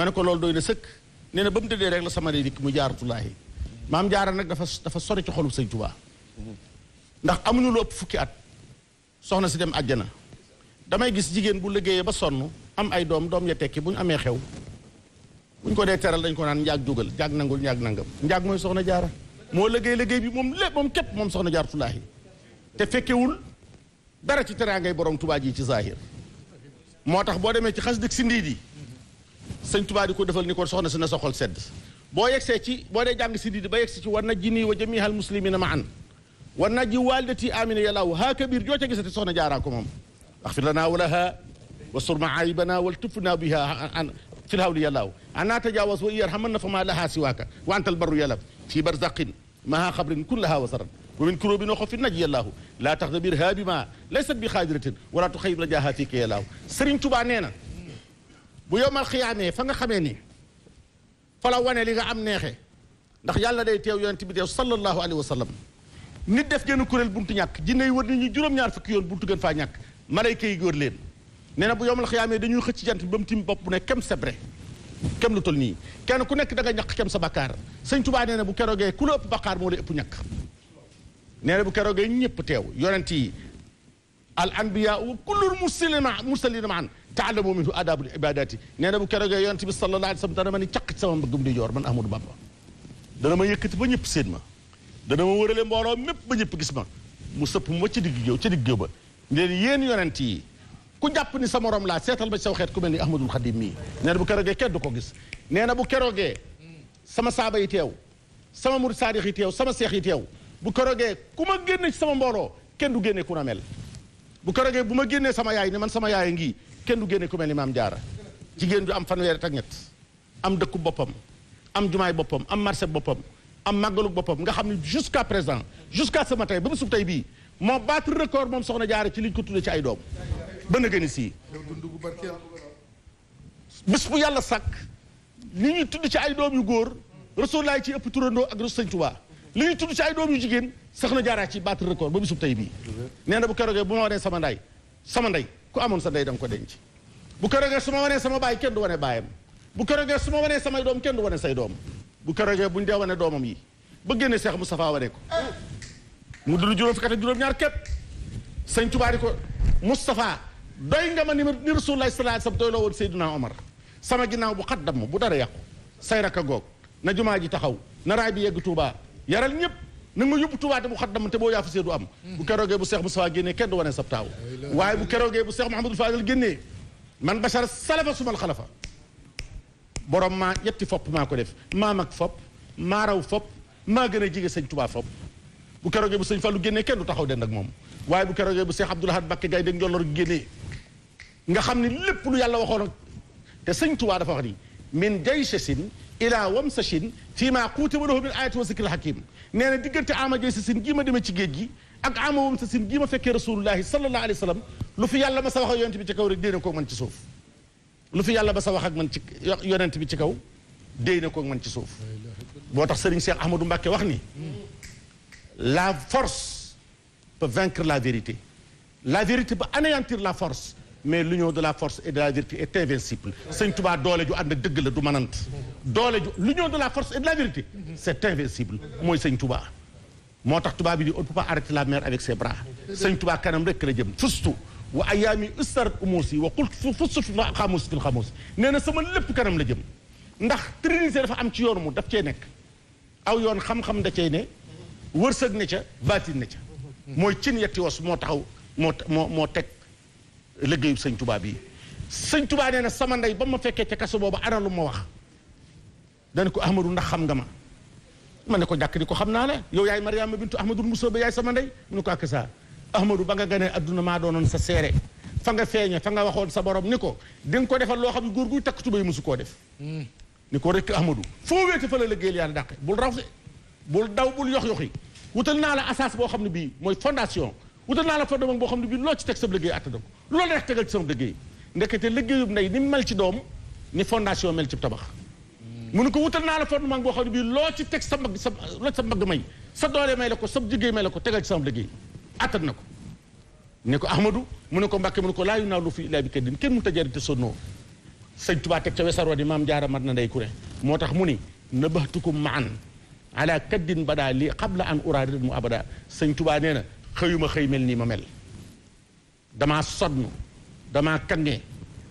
ma ne ko loolu doy na sëkk nee na ba mu tëddee rek la sama dikk mu jaaratulaahi maam jaara nag dafa dafa sori ci xolub sëñ Tuubaa ndax amuñu lu ëpp fukki at soxna si dem àjjana damay gis jigéen bu liggéeyee ba sonn am ay doom doom ya tekki bu ñu amee xew bu ñu ko dee teral dañ ko naan njaag jógal njaag nangul njaag nangam njaag mooy soxna jaara moo liggéey liggéey bi moom lépp moom képp moom soxna jaaratulaahi te fekkewul dara ci teraangay borom Tuubaa ji ci zahir moo tax boo demee ci xas dëkk si yi sëñ Tuubaa di ko defal ni ko soxna si na sa xol sedd boo yegsee ci boo dee jàng si di ba yegsi ci war na ji nii wa jamihal muslimina ma an war na ji waalidati amina yàllaaw haa kabir joo ca gisati soxna jaaraa ko moom axfir lanaa wa lahaa wa sur maayibana wal tufnaa biha an fi lhawli yàllaaw ana tajawas wa iyarhaman na fa maa lahaa siwaaka wa antal barru yàlla fii barzaqin maha xabrin kun lahaa wasaran wa min kuróobi noo xofi naj yàllaahu laa tax dabir haa bi ma laysat bi xaadiratin wala tuxayib rajaha fii ka yàllaaw Sëriñ Tuubaa nee na bu yomal xiyaamee fa nga xamee ni fa la wane li nga am neexe ndax yàlla day teew yonent bi teew sallallahu alayhi wa sallam nit def genn kuréel buntu ñàkk jinne yi wër nit ñu juróom-ñaar fukki yoon buntu gën faa ñàkk malayka yi góor leen nee na bu yomal xiyaamee dañuy xëcc jant bi ba mu tim bopp bu ne kem sebre kem lu tol nii kenn ku nekk danga nga ñàkk kem sa bakkaar sëñ tubaa nee bu keroogee ku la ëpp bakkaar moo la ëpp ñàkk nee bu keroogee ñëpp teew yonent yi al anbiyaau kullun muslima musliman an taalamu minhu adabul ibadati nee na bu keroogee yonent bi sallallahu alayhi wa sallam dana ma ni caq ci sama mbëggum di joor man Ahmadou Bamba dana ma yëkkati ba ñëpp séen ma dana ma wërale mbooloo mépp ba ñëpp gis ma mu sëpp ma ci digg géew ci digg ba leen yéen yonent yi ku jàpp ni sa morom laa seetal ba saw xeet ku mel ni Ahmadul Xadim mii nee na bu keroogee kenn du ko gis nee na bu keroogee sama saaba yi teew sama murid saadix yi teew sama seex yi teew bu keroogee ku ma génne sama mbooloo kenn du génne ku na bu ko rogee bu ma génnee sama yaay ne man sama yaay ngi kenn du génne ku mel ni maam jaara jigéen ju am fanweeri ak nget am dëkku boppam am jumaay boppam am marché boppam am màggalu boppam nga xam ne jusqu'à présent jusqu'à sama tey ba mu sub tey bii moo battre record moom soxna jaara ci liñ ko tudde ci ay doom ba na gën sii bis bu yàlla sàkk li ñuy tudd ci ay doom yu góor rasul laay ci ëpp turandoo ak rasul sëñ Tuubaa li ñu tudd ci ay doom yu jigéen sax na jaaraa ci battre record ba bisub tey bii nee na bu keroogee bu ma wanee sama nday sama nday ku amoon sa nday da nga ko denc bu keroogee su ma wanee sama baay kenn du wane baayam bu keroogee su ma wanee sama doom kenn du wane say doom bu keroogee bu ñu dee wane doomam yi ba génne Seex Mustafaa wane ko mu dund juróom fukki juróom-ñaar képp sëñ Tuubaa ko Mustafaa doy nga ma ni ni Rasulullaah sallallaahu alayhi wa sallam doy loo woon Seydina Omar sama ginnaaw bu xat damm bu dara yàqu say raka goog na jumaa ji taxaw na bi yegg Tuubaa yaral ñëpp na nga ma yóbbu mu te bu xat damante boo yaafasee du am bu keroogee bu Seex Mustafaa génnee kenn du wane sab taaw waaye bu keroogee bu Seex Mahamadul Faadal génnee man bachar salafa sumal xalafa borom ma ñetti fopp maa ko def maa mag fopp maa raw fopp maa gën a jege sëñ Tuubaa fopp bu keroogee bu sëñ Fallu génnee kenn du taxaw den ak moom waaye bu keroogee bu Seex Abdul Ahad Bakke gay dégg njolloor génnee nga xam ne lépp lu yàlla waxoon ak te sëñ Tuubaa dafa wax ni min jay ilaa wam sa chin fii maa kuutiba lahu min ayati wa zikril hakim nee na diggante ama jay sa sin gii ma demee ci géej gi ak ama wam sa sin gii ma fekkee rasulullahi sallallahu alayhi wa sallam lu fi yàlla ma sa wax ak yonent bi ci kaw rek déy na koog man ci suuf lu fi yàlla ba sa wax ak man ci yonent bi ci kaw déy na koog man ci suuf boo tax Serigne Cheikh Ahmadou Mbacké wax ni la force peut vaincre la vérité la vérité peut anéantir la force mais l'union de la force et de la vérité est invincible sëñ doole ju ànd dëgg la du manant doole ju l'union de la force et de la vérité c'est invincible mooy sëñ Tuubaa moo tax tubaab bi di on peut pas la mer avec ses bras sëñ Tuubaa kanam rek la jëm fustu wa ayaami ustarat umuusi wa qult fustu fa xamuus fil xamuus nee na sama lépp kanam la jëm ndax trinité dafa am ci yoon mu daf cee nekk aw yoon xam-xam da cey ne wërsëg ne ca baatin ne ca mooy cin yetti was moo taxaw moo moo moo teg liggéeyu sañ tubaab bi sëñ Touba nee na sama ndey ba ma fekkee ca kaso booba ana lu ma wax dana ko Ahmadou ndax xam nga ma ma ne ko jàkk di ko xam naa la yow yaay Mariama bintu Ahmadou Moussa ba yaay sama ndey mu ne ko ak saa Ahmadou ba nga ganee adduna maa doonoon sa seere fa nga feeñe fa nga waxoon sa borom ni ko di nga ko defal loo xam ne góor guy takk tubéy mosu koo def hmm. ni ko rek Ahmadou foo wéete fa la liggéeyal yàlla dàqe bul raw bul bul naa boo xam ne bii mooy fondation wutal ne bii ci teg sa liggéey atta ko lu la neex tegal ci sama liggéey ndekete liggéeyub ndey ni mel ci doom ni fondation mel ci tabax. mu ne ko wutal naa la fondement boo xam ne bii loo ci teg sa mag sa loo ci sa mag may sa doole ko sa jigéen may la ko tegal ci sama liggéey attan na ko. ne ko Ahmadou mu ne ko Mbàkke mu ne ko laayu naaw lu fi ilaa bi kenn mu mënut a jëriñ te sonnoo sëñ Tuubaa teg ca wesaroo di maam jaara mat na ku kuré moo tax mu ni nabaxtukum maan ala kaddin badaa li qabla an uraadil mu abada sëñ Tuubaa nee na xëyuma xëy mel nii ma mel damaa sonn damaa kange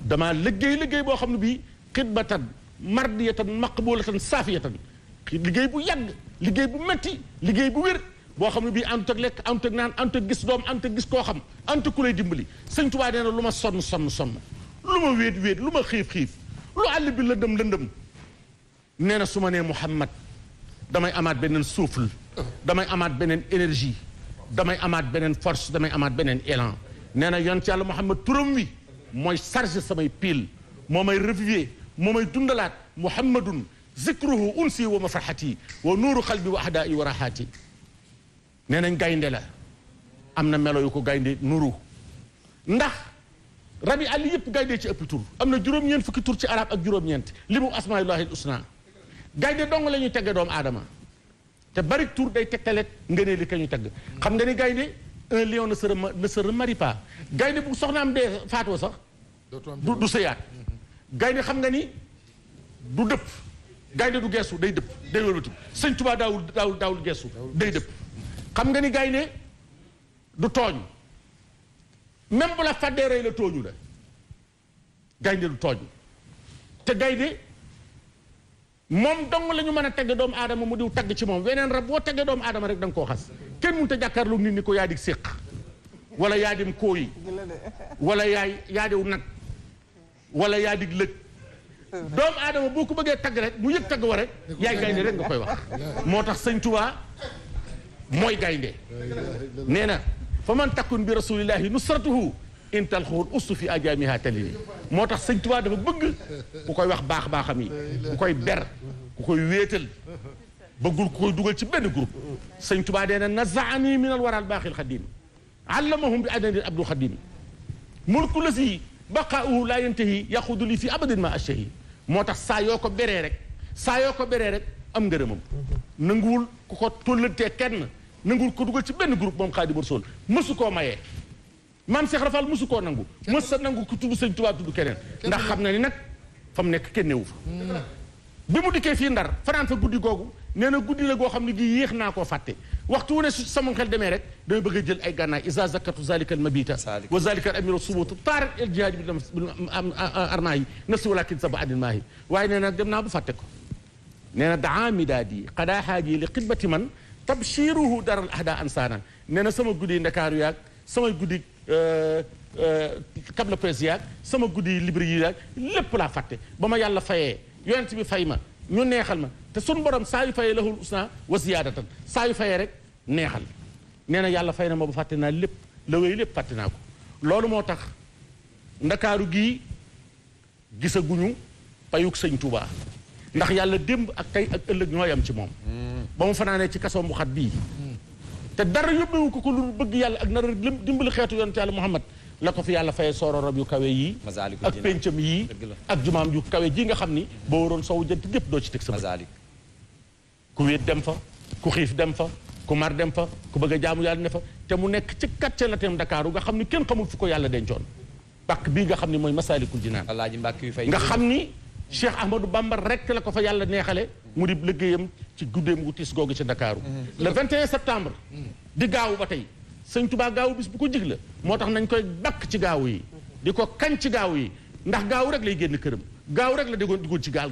damaa liggéey liggéey boo xam ne bii xidbatan mardiyatan maqbulatan saafiyatan liggéey bu yàgg liggéey bu métti liggéey bu wér boo xam ne bii ànd ak lekk ànd naan ànd gis doom ànd gis koo xam ànd ak dimbali sëñ Tuubaa nee na lu ma sonn sonn sonn lu ma wéet wéet lu ma xiif xiif lu àll bi lëndëm lëndëm nee na su ma nee Muhammad damay amaat beneen souffle damay amaat beneen énergie damay amaat beneen force damay amaat beneen élan nee na yoon ci yàlla Muhammad turam wi mooy chargé samay piil moo may revivier moo may dundalaat Muhammadun zikruhu unsi wa mafarxati wa nuuru xalbi wa ahdaa i wa raxaati nee nañ gaynde la am na melo yu ko gaynde nuru ndax rabi àlli yëpp gaynde ci ëpp am na juróom-ñeent fukki tur ci arab ak juróom-ñeent li mu asmaillahi al usna gaynde dong la ñuy tegge doomu aadama te bari tur day tegtalet ngënee li ka ñu tegg xam nga ni gaynde un lion ne se rem ne gaynde bu soxnaam dee faatoo sax. du du sëyaat. gaynde xam nga ni du dëpp. gaynde du geesu day dëpp day wëlbatiku sëñ Tuubaa daawul daawul daawul geesu day dëpp xam nga ni gaynde du tooñ même bu la fàddee rey la tooñu la gaynde du tooñ te gaynde moom dong la mën a tagg doomu aadama mu diw tagg ci moom weneen rab boo taggee doomu aadama rek da nga koo xas kenn mënut a jàkkaarloog nit ko yaa di séq wala yaa dim kooyi wala yaay yaa nag wala yaa dig lëg doomu aadama boo ko bëggee tagg rek mu yëg tagg wa rek yaay gaynde rek nga koy wax moo tax sëñ Tuubaa mooy gaynde nee na fa man takkun bi rasulillahi nusratuhu intal xuur ustu fi ajaamiha talini moo tax sëñ Tuubaa dafa bëgg ku koy wax baax baaxam yi ku koy ber ku koy wéetal ba ko dugal ci benn groupe sëñ tubaa dee na nazaani min al waral baaxil xadim allamahum bi adnadin abdul xadim mulku la si baqaauhu laa yantahi yaqudu li fi abadin ma ashtahi moo tax saa yoo ko beree rek saa yoo ko beree rek am ngërëmam nanguwul ku ko tollantee kenn nanguwul ko dugal ci benn groupe moom xaadimu rasul mësu koo mayee maam Cheikh Rafal mësu koo nangu mës sa nangu ku tudd sëñ tubaa tudd keneen ndax xam na ni nag fa mu nekk kenn newu fa mm. bi mu dikkee fii ndar fanaan fa guddi googu nee na guddi la goo xam ne gi yéex naa koo fàtte waxtu wu ne su sama xel demee rek damay bëgg a jël ay gànnaay isa zakatu zalika al mabita wa zalika al amiro subatu taarat a jihaadi bi arna yi nafsi walakin saba adin maahi waaye nee na dem naa ba fàtte ko nee na daamidaadi xadaa xaaji li xidbati man tabshiruhu daral ahda ansaana nee na sama guddi ndakaaru yaag sama guddi kab la presse sama guddi libri yi yaag lépp laa fàtte ba ma yàlla fayee yonent bi fay ma ñu neexal ma te sun borom saa yu fayee lahul usna wa ziyaadatan saa yu fayee rek neexal nee na yàlla fay na ma ba fàtte naa lépp la lépp fàtte naa ko loolu moo tax ndakaaru gii gisaguñu payug sëñ Touba ndax yàlla démb ak tey ak ëllëg ñooy am ci moom ba mu fanaanee ci kasoom bu xat bii mm. te dara yóbbewu ko ko lu bëgg yàlla ak nar dimbali xeetu yonent yàlla Muhammad la ko fi yàlla fayee sooro rab yu kawe yii ak péncam yii ak jumaam yu kawe ji nga xam ni boo waroon soowu jant gépp doo ci teg sa bët ku wéet dem fa ku xiif dem fa ku mar dem fa ku bëgg a jaamu yàlla ne fa te mu nekk ci quartier latin Ndakaaru nga xam ni kenn xamul fu ko yàlla dencoon bàkk bii nga xam ni mooy masaalikul jinaan nga xam ni Cheikh Ahmadou Bamba rek la ko fa yàlla neexale mu di liggéeyam ci guddeem gu tiis googu ci Ndakaaru mm-hmm. le 21 septembre di gaawu sëñ tubaa gaawu bis bu ko jig la moo tax nañ koy bakk ci gaawu yi di ko kañ ci gaawu yi ndax gaawu rek lay génn këram gaaw rek la déggoon duggoon ci gaal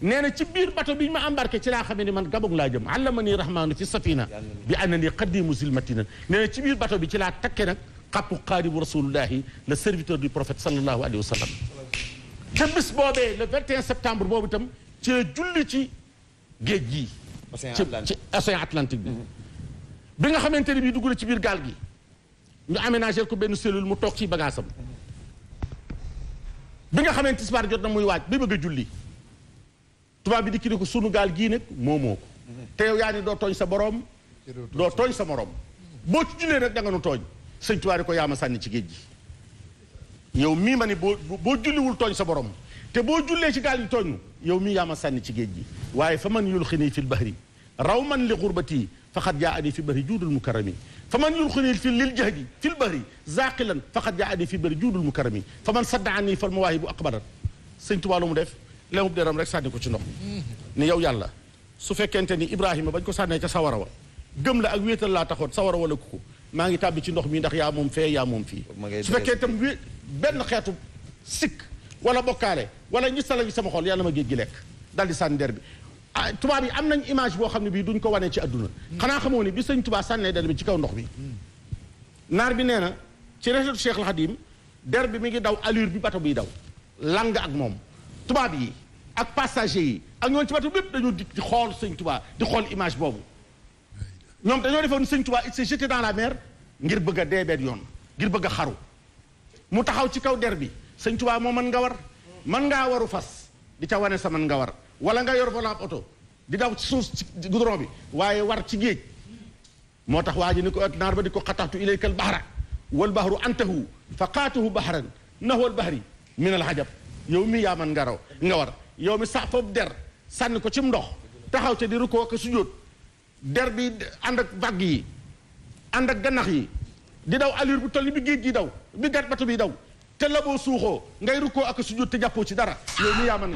nee ci biir bato bi ñu ma embarqué ci laa xamee ni man gabog laa jëm allama nii rahmaanu fi safina bi anna nii xaddimu silmatina nee na ci biir bato bi ci laa takke nag xàppu xaadibu rasulullahi le serviteur du prophète sallallahu alayhi wa sallam te le 21 septembre boobu itam ci la julli ci géej gii ci océan bi nga xamante ne bii dugg na ci biir gaal gi ñu aménager ko benn cellule mu toog ci bagaasam bi nga xamante tisbaar jot na muy waaj ba bëgg a julli tubaab bi di kii ko sunu gaal gii nag moomoo ko te yow yaa doo tooñ sa borom doo tooñ sa morom boo ci jullee nag da nga nu tooñ sëñ tubaab di ko yaama sànni ci géej gi yow mii ma ni boo boo julliwul tooñ sa borom te boo jullee ci gaal gi tooñ yow mii yaama sànni ci géej gi waaye fa man yulxini fil bahri raw man li xurbati faqad jaa ani fi bëri juudul mukarami fa man yulxinil fi lil jahdi fi l bëri zaaqilan faqad jaa ani fi bëri juudul mukarami fa man sadda ani fal mawaahibu aqbarat sëñ Tuubaa lu mu def lemub deram rek sànni ko ci ndox ni yow yàlla su fekkente ni Ibrahima bañ ko sànnee ca sawara wa gëm la ak wéetal laa taxoon sawara wala kuku maa ngi tàbbi ci ndox mi ndax yaa moom fee yaa moom fii su fekkee itam wé benn xeetu sikk wala bokkaale wala ngi sala gi sama xol yàlla ma géej gi lekk daal di sànni der bi Ah, tubaab yi am nañ image boo xam ne bii duñ ko wanee ci adduna xanaa xamoo ne bi sëñ tubaa sànnee der bi ci kaw ndox bi naar bi nee na ci resetu Cheikh al Xadim der bi mi ngi daw allure bi bato biy daw lang ak moom tubaab yi ak passager yi ak ñoon ci bato bépp dañoo di xool sëñ di xool image boobu ñoom dañoo defoon sëñ tubaa dans la mer ngir bëgg a deebeet yoon ngir bëgg a xaru mu taxaw ci kaw der bi sëñ tubaa moo man nga war man ngaa waru fas di ca wane sa mën nga war wala nga yor volant oto di daw ci suuf ci bi waaye war ci géej moo tax waa ji ni ko naar ba di ko xataatu ilayka al bahra wal bahru antahu fa qaatuhu bahran nahwa al bahri min al ajab yow mi yaa man nga nga war yow mi sa foofu der sànni ko cim ndox taxaw ca di rukkoo ak sujjóot der bi ànd ak vague yi ànd ak gannax yi di daw allure bu toll bi géej gi daw bi gat bato bi daw te laboo suuxoo ngay rukkoo ak sujjóot te jàppoo ci dara yow mi yaa man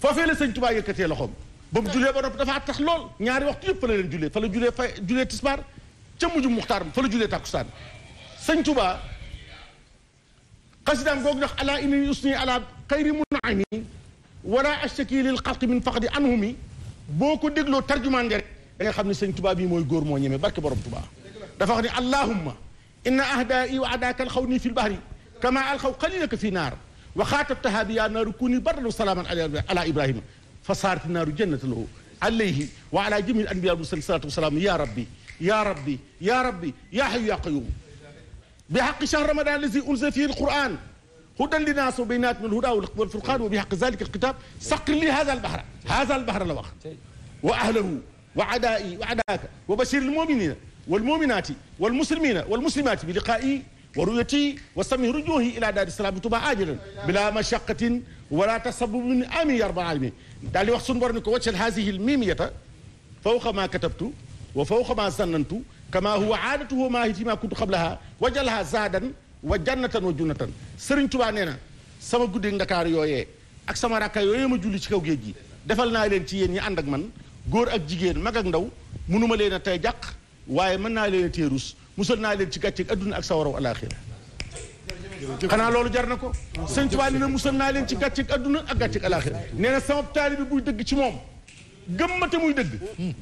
foofee la sëñ Tuubaa yëkkatee loxoom ba mu julee ba noppi dafa tax lool ñaari waxtu yëpp fa la leen julee fa la julee fa julee tisbaar ca mujj muxtaar fa la julee tàkkusaan sëñ Tuubaa xasidaam googu ndax ala inni usni ala xayri munaami wala ashtaki lil xalqi min faqdi anhumi boo ko dégloo tarjumaan rek da nga xam ne sëñ bi mooy góor moo ñeme barke borom Tuubaa dafa wax ne allahumma inna ahdaa i wa adaaka alxaw nii fi lbahri kama alxaw xalilaka fi naar waxaatabtahaa bi yaa naaru kuuni bardan wa salaaman ala ibrahima fa saarati naaru jannata lahu alayhi wa ala jamil anbiya mursali salatu wasalaam ya rabbi ya rabbi ya rabbi ya hayu ya qayum bi xaqi shahr ramadan allazi unzila fihi alquran hudan linnaas wa baynaat min alhuda wal furqan wa bi xaqi zalika alkitab saqir li hada albahra hada albahra la wax wa ahlahu wa adaa'i wa adaaka wa bashir almuminina walmuminaati walmuslimina walmuslimaati bi liqaa'i wa ruyati wa sami rujuhi ila daari salaami tuba ajilan bila mashaqatin wala tasabubin ami yarba almi daal di wax suñu borom ni ko waccal haasihi lmimiyata fawqa ma katabtu wa fawqa ma zannantu kama huwa aadatuhu ma hitima kuntu qablaha wajalha zaadan wa jannatan wa junnatan sëriñ tubaa nee na sama guddeeg ndakaar yooye ak sama rakka yooyee ma julli ci kaw géej gi defal naa leen ci yéen ñi ànd ak man góor ak jigéen mag ak ndaw mënuma leen a tey jàq waaye mën naa leen a teerus musal naa leen ci gàcce adduna ak sawaraw alaaxira xanaa loolu jar na ko sëñ Tuubaa nee na musal naa leen ci gàcce adduna ak gàcce alaaxira nee na sama taalibe buy dëgg ci moom gëmmate muy dëgg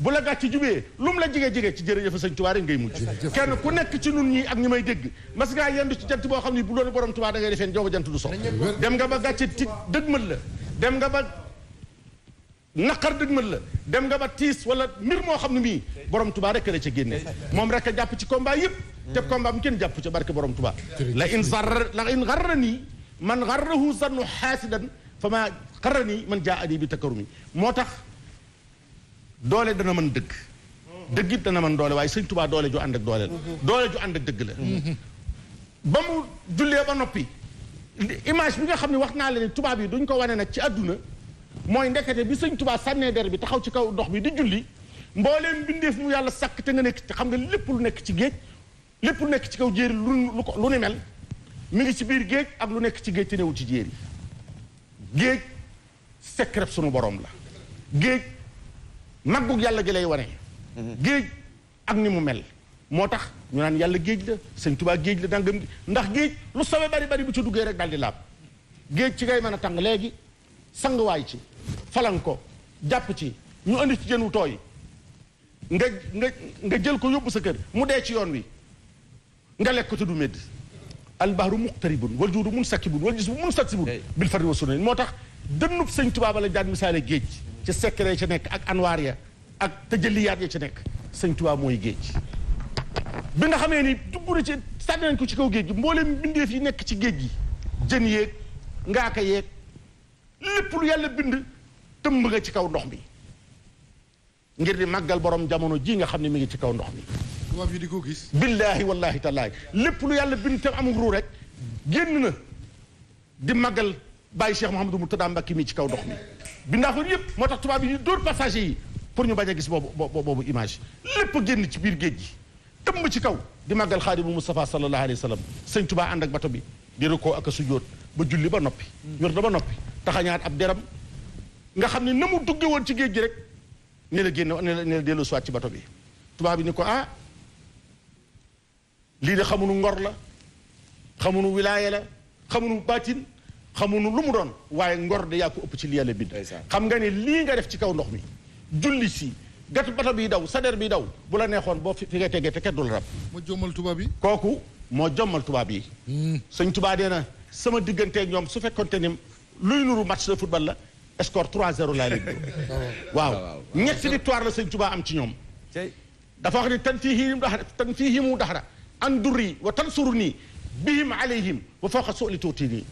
bu la gàcce jubee lu mu la jige-jige ci jërëjëf sëñ Tuubaa rek ngay mujj kenn ku nekk ci nun ñi ak ñi may dégg mas ngaa ci jant boo xam ne bu doon borom Tuubaa da ngay defeen jooba jant du so dem nga ba gàcce ti dëgmal la dem nga ba naqar dëgmal la dem nga ba tiis wala mbir moo xam ne mii borom tubaa rek la ca génne moom rek a jàpp ci combat yëpp te combat mu kenn jàpp ca barke borom tubaa la in zarra la in garra nii man garrahu zannu xaasidan fa maa xarra nii man jaa adi bi takkarumi moo tax doole dana mën dëgg dëgg dana man doole waaye sëñ tubaa doole ju ànd ak doole la doole ju ànd ak dëgg la ba mu jullee ba noppi image bi nga xam ne wax naa le tubaab yi duñ ko wane na ci àdduna mooy ndekete bi sëñ tubaa sànnee der bi taxaw ci kaw ndox bi di julli mbooleen bindeef mu yàlla sàkk te nga nekk te xam nga lépp lu nekk ci géej lépp lu nekk ci kaw jéeri lu lu ko lu ni mel mi ci biir géej ak lu nekk ci géej te newu ci jéeri géej secret sunu borom la géej maggug yàlla gi lay wane géej ak ni mu mel moo tax ñu naan yàlla géej la sëñ tubaa géej la dangam ndax géej lu sawe bari bari bu ci duggee rek daal di laab géej ci ngay mën a tàng léegi sanguwaay ci falan ko jàpp ci ñu indi ci jën wu tooy nga nga nga jël ko yóbbu sa kër mu dee ci yoon wi nga lekk ko te du medd albahru muqtaribun wal juudu mun sakibun wal jismu mun saksibun bil fardi wa sunan moo tax dënnub sëñ tubaaba la daan misaale géej ci secret ca nekk ak anwaar ya ak tëjëliyaat ya ci nekk sëñ mooy géej bi nga xamee ni dugg na ci sànni ko ci kaw géej gi mboolem mbindeef yi nekk ci géej gi jën yeeg ngaaka yeeg lépp lu yàlla bind tëmb nga ci kaw ndox mi ngir di màggal borom jamono ji nga xam ne mi ngi ci kaw ndox mi. tubaab yi di ko gis. billaahi wallaahi tallaahi lépp lu yàlla bind tam amul ruu rek génn na di màggal bàyyi Cheikh Mouhamadou Mourtada Mbacké mi ci kaw ndox mi. bindaa ko yëpp moo tax tubaab yi ñu dóor passager yi pour ñu bañ gis boobu boobu image lépp génn ci biir géej gi tëmb ci kaw di màggal xaadimu Moustapha sallallahu alayhi wa sallam ànd ak bato bi di rukkoo ak a ba julli ba noppi yor da ba noppi taxañaat ab deram nga xam ne na mu dugge woon ci géej gi rek ne la génn ne la ne la dellu ci bato bi tubaab bi ni ko ah lii de xamunu ngor la xamunu wilaaya la xamunu baatin xamunu lu mu doon waaye ngor de yaa ko ëpp ci li yàlla bind xam nga ne lii nga def ci kaw ndox mi julli si gat bato bi daw sader bi daw bu la neexoon boo fi nga tegee te kenn du la rab moo jommal tubaab yi kooku moo jommal tubaab yi hmm. sëñ sama digganteeg ñoom su fekkonte ni luy nuru match de football la score 3-0 laay leen waaw ñetti victoire la sëñ Tuubaa am ci ñoom. dafa wax ni tan fii him fii himu daxra an durri wa tan suru nii bihim alayhim a fawqa su'li tuuti nii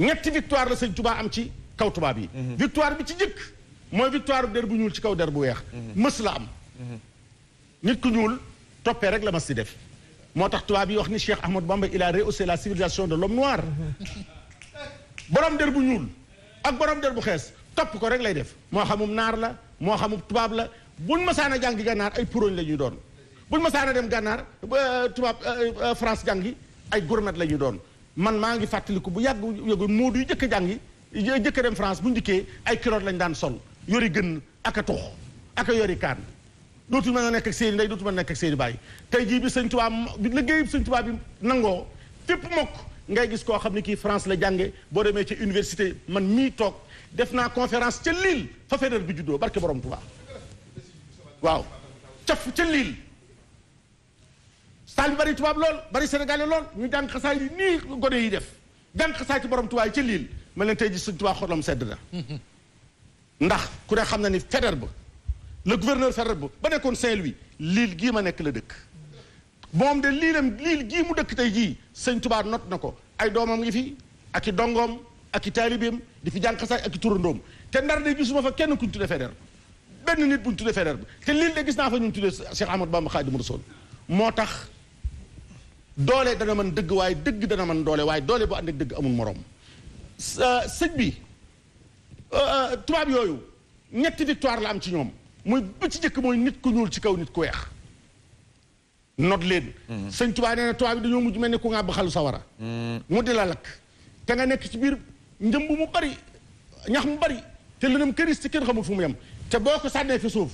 ñetti victoire la sëñ Tuubaa am ci kaw tubaab yi. Mhm. victoire bi ci njëkk mooy victoire bu bu ñuul ci kaw der bu weex. Mhm. mës la am. Mhm. nit ku ñuul toppee rek la mas si def. moo tax tubaab yi wax ni Cheikh Ahmad Bamba il a rehaussé la civilisation de l'homme noir borom der bu ñuul ak borom der bu xees topp ko rek lay def moo xamum naar la moo xamum tubaab la buñ masaan a jàngi gànnaar ay puróñ la ñuy doon buñ masaan dem gànnaar euh, tubaab euh, euh, France jàngi ay gourmet la ñuy doon man maa ngi fàttaliku bu yàgg yàggu moodu yu jëkk jàngi jëkk dem France bu njëkkee ay kiloot lañ daan sol yori gën ak a tux ak a yori kaan dootul mën a nekk ak seeni ndey dootul mën a nekk ak seeni baay tey jii bi sëñ Tuubaa bi liggéey sëñ Tuubaa bi nangoo fépp mokk ngay gis koo xam ne kii France la jànge boo demee ci université man mii toog def naa conférence ca Lille fa Faidherbe bi juddoo barke borom Tuubaa waaw caf ca Lille saal bi bari tubaab lool bari sénégalais lool ñu jàng xasaay yi nii gone yi def jàng xasaay ci borom tubaab ci ca Lille ma leen tey ji sëñ Tuubaa xolam sedd na ndax ku ne xam na ni Faidherbe ba le gouverneur Ferrer bu ba nekkoon Saint-Louis liil gii ma nekk la dëkk moom de liilam liil gii mu dëkk tey jii sëñ tubaab not na ko ay doomam ngi fi ak i dongom ak i taalibeem di fi jànqasaay ak i turandoom te ndar de gisuma fa kenn kuñ tudde Ferrer benn nit bu tudde Ferrer bu te liil de gis naa fa ñu tudde Cheikh Ahmadou Bamba Xaadimu Rasuul moo tax doole dana mën dëgg waaye dëgg dana mën doole waaye doole boo ànd ak dëgg amul morom sëñ bi euh, euh, tubaab yooyu ñetti victoire la am ci ñoom muy ba ci njëkk mooy nit ku ñuul ci kaw nit ku weex not leen mm-hmm. sëñ Tuubaa nee na tubaab bi dañoo mujj mel ne ku ngàbb xalu sawara mm-hmm. mu di la lakk te nga nekk ci biir njëmb mu bari ñax mu bari te lëndëm këris te kenn xamul fu mu yem te boo ko sànnee fi suuf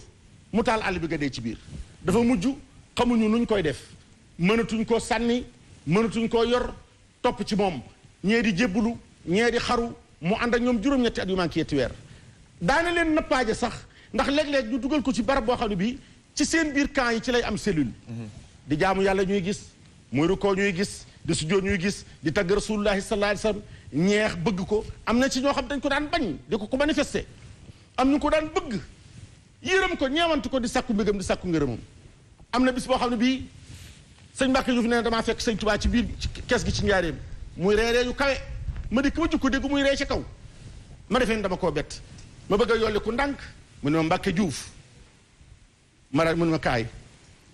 mu taal àll bi nga dee ci biir dafa mujj xamuñu nuñ koy def mënatuñ koo sànni mënatuñ koo yor topp ci moom ñee di jébbulu ñee di xaru mu ànd ak ñoom juróom-ñetti at yu manqué yetti weer daana leen nappaaje sax ndax léeg-léeg ñu dugal ko ci barab boo xam ne bii ci seen biir camp yi ci lay am cellule. di jaamu yàlla ñuy gis muy rukkoo ñuy gis di sujjóot ñuy gis di tagg rasulullahi sallallahu alayhi wasallam ñeex bëgg ko am na ci ñoo xam dañ ko daan bañ di ko ko manifester am ñu ko daan bëgg yërëm ko ñeewante ko di sakku mbégam di sakku ngërëmam am na bis boo xam ne bii sëñ Mbàkke Juuf nee na damaa fekk sëñ Tuubaa ci biir kes gi ci njaareem muy reeree yu kawe ma dikk ma jukko dégg muy ree ci kaw ma defee dama koo bett ma bëgg a ku ndànk mu ne ma Mbàkke Juuf ma ra mu ne ma kaay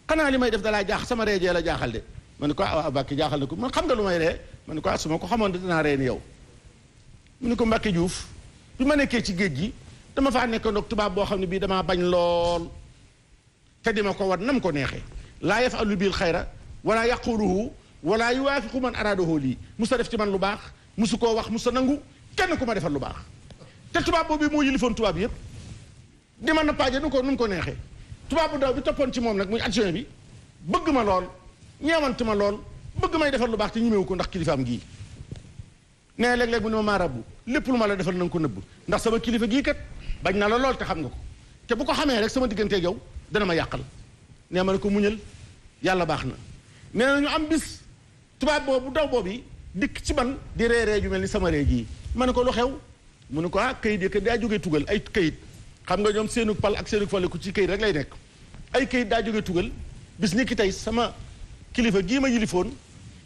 xanaa li may def dalaa jaax sama reejee la jaaxal de man ne ko ah Mbàkke jaaxal na ko man xam nga lu may ree man ne ko ah ko xamoon dinaa reen yow mu ne ko Mbàkke Juuf bi ma nekkee ci géej gi dama fa nekkoon ak tubaab boo xam ne bii damaa bañ lool te di ko war nam ko neexee laa yafalu bil xayra wala yaquluhu wala yuwaafiqu man araadahu lii musa def ci man lu baax musu koo wax musa nangu kenn ku ma defal lu baax te tubaab boobu moo yilifoon tubaab yëpp di na nappaaje nu ko nu mu ko neexe tubaab bu daw bi toppoon ci moom nag muy adjoint bi bëgg ma lool ñeewant ma lool bëgg may defar lu baax te ñimewu ko ndax kilifaam gii nee léeg-léeg mu ne ma lépp lu ma la defal na ko nëbb ndax sama kilifa gii kat bañ na lool te xam nga ko te bu ko xamee rek sama digganteeg yow dana ma yàqal nee ma ne ko muñal yàlla baax na nee na am bis tubaab boobu daw boobu dikk ci ban di reeree ju mel ni sama ree jii ma ne ko lu xew mu ne ko ah kayit ya kat daa jógee tugal ay kayit xam nga ñoom seenu pal ak seenu faleku ci këyit rek lay nekk ay këyit daa jóge tugal bis ni ki tey sama kilifa gii ma yilifoon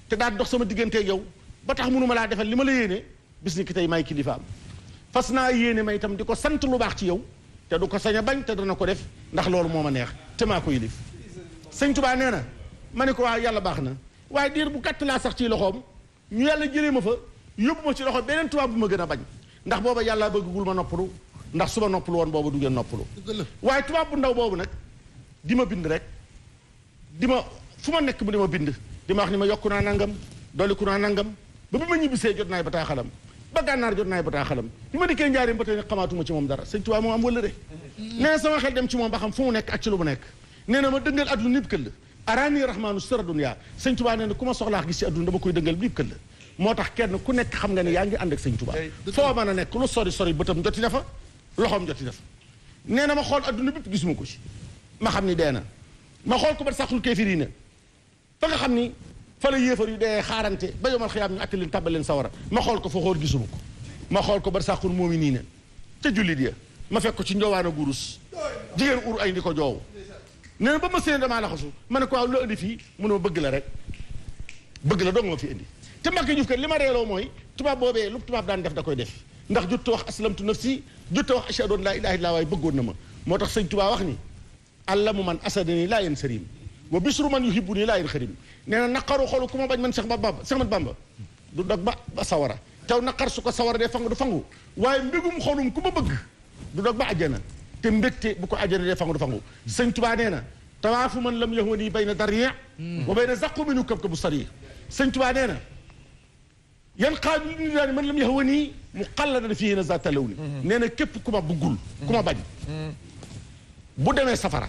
te daa dox sama digganteeg yow ba tax mënuma laa defal li ma la yéene bis ni ki tey may kilifaam fas naa yéene may itam di ko sant lu baax ci yow te du ko sañ bañ te dana ko def ndax loolu moo ma neex te maa ko yilif sëñ tubaa nee na ma ne ko waaw yàlla baax na waaye diir bu gàtt laa sax ci loxoom ñu yàlla jëlee ma fa yóbbu ma ci loxo beneen bu ma gën a bañ ndax booba yàlla bëggul ma noppalu ndax su ma noppalu woon boobu du ngeen noppalu waaye tubaab bu ndaw boobu nag di ma bind rek di ma fu ma nekk mu di ma bind di ma wax ni ma yokku naa nangam dolliku naa nangam ba bi ma ñibbisee jot naay bataaxalam ba gànnaar jot naay bataaxalam bi ma dikkee njaarim ba tey xamaatuma ci moom dara sëñ tubaab moom am wala de nee na sama xel dem ci moom ba xam fu mu nekk ak lu mu nekk nee na ma dëngal adduna nib këll araani rahmaanu sara dunya sëñ tubaa nee na ku ma soxlaa gis ci adduna dama koy dëngal nib këll moo tax kenn ku nekk xam nga ne yaa ngi ànd ak sëñ tubaa foo mën a nekk lu sori sori bëtam joti na fa loxoom jot ci def nee na ma xool adduna bépp gisuma ko ci ma xam ni dee na ma xool ko ba saxul kéefir yi ne fa xam ni fa la yéefar dee xaarante ba yomal xiyaam ñu àtte leen tàbbal leen sawara ma xool ko fa xóor gisuma ko ma xool ko ba saxul moomi nii ne ca jullit ya ma fekk ko ci njowaana gurus jigeen ur ay ndi ko joow nee na ba ma seen damaa laxasu ma ne ko waaw loo indi fii mu bëgg la rek bëgg la dong ma fi indi te Mbacke Diouf kat li ma reeloo mooy tubaab boobe lu tubaab daan def da koy def ndax jutta wax aslamtu nafsi jutta wax ashhadu an laa ilaaha illallaah waaye bëggoon na ma moo tax sëñ Tuubaa wax ni allamu man asadani laa yéen sëriñ wa bisru man yuhibbu nii laa yéen xarim nee na naqaru bañ man Seex Bamba Seex Mat Bamba du dog ba ba sawara taw naqar su ko sawara dee fangu du fangu waaye mbégum xolum ku ma bëgg du dog ba àjjana te mbégte bu ko àjjana dee fangu du fangu sëñ Tuubaa nee na tawaafu man lam yahwani bayna darri wa bayna zaqu minu kab kabu sari sëñ Tuubaa nee na yan xaaju yu ñu daan man lam nii mu xàlladan fii na zaata lawni nee neena képp ku ma bëggul ku ma bañ bu demee safara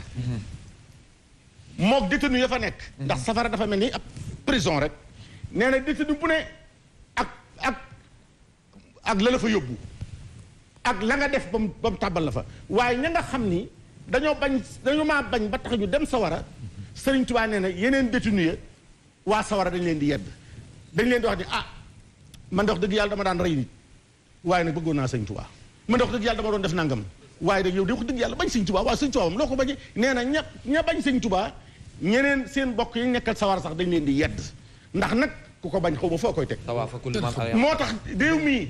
moog détenu ya fa nekk ndax safara dafa mel ni ab prison rek nee na détenu bu ne ak ak ak la la yóbbu ak la nga def ba mu tàbbal la fa waaye ña nga xam ni dañoo bañ dañu maa bañ ba tax ñu dem sawara Sëriñ Tuubaa nee na yeneen détenu ya waa sawara dañ leen di yedd dañ leen di wax ni ah man dox dëgg yàlla dama daan rey waaye nag bëggoon naa sëñ Tuubaa man dox dëgg yàlla dama doon def nangam waaye nag yow de wax dëgg yàlla bañ sañ Tuubaa waaw sëñ Tuubaa moom loo ko bañee nee na ña ña bañ sëñ Tuubaa ñeneen seen bokk yi nekkal sawar sax dañ leen di yedd ndax nag ku ko bañ xaw foo koy teg moo tax réew mii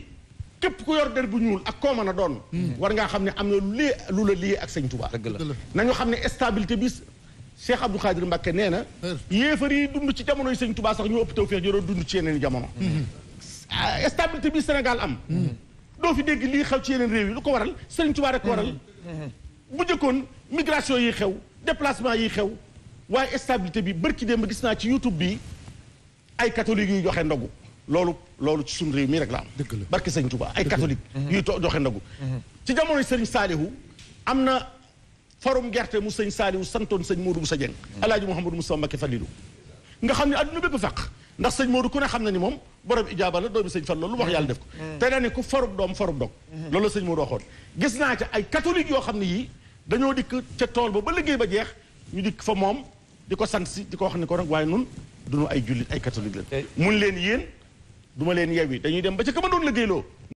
képp ku yor der bu ñuul ak koo mën a doon hmm. war ngaa xam ne am na lu lii lu la lii ak sëñ Tuubaa nañu xam ne stabilité bi Cheikh Abdou Khadir Mbacké nee na yéefar yi dund ci jamonoy sëñ tubaa sax ñu ëpp tawfeex joro dund ci yeneen jamono hmm. Ah, stabilité bi Sénégal am. doo fi dégg lii xew ci yeneen réew yi lu ko waral Serigne Touba rek ko waral. bu njëkkoon migration yi xew déplacement yi xew waaye stabilité bi bërki démb gis naa ci YouTube bi ay catholiques yuy joxe ndogu loolu loolu ci suñu réew mi rek la am. dëgg la barke Serigne Touba ay catholiques. yuy joxe ndogu. ci jamono Serigne Saliou am na forum gerte mu sëñ Saliou santoon sëñ Modou Moussa Dieng. El mm. Hadj Mouhamadou Moussa Mbacké Falilou nga xam ne adduna bépp faq. ndax sëñ Modou ku ne xam na ni moom borom ijaaba la doomi sëñ Fall loolu wax yàlla def ko eh. te daane ko forub doom forub dog eh. loolu la sëñ Modou waxoon gis naa ca ay catholique yoo xam ne yii dañoo dikk ca tool ba ba liggéey ba jeex ñu dikk fa moom di ko sant si di ko wax ni ko nag waaye nun duñu ay jullit ay catholique la eh. mun leen yéen duma leen yew yi dañuy dem ba ca ka ma doon liggéeyloo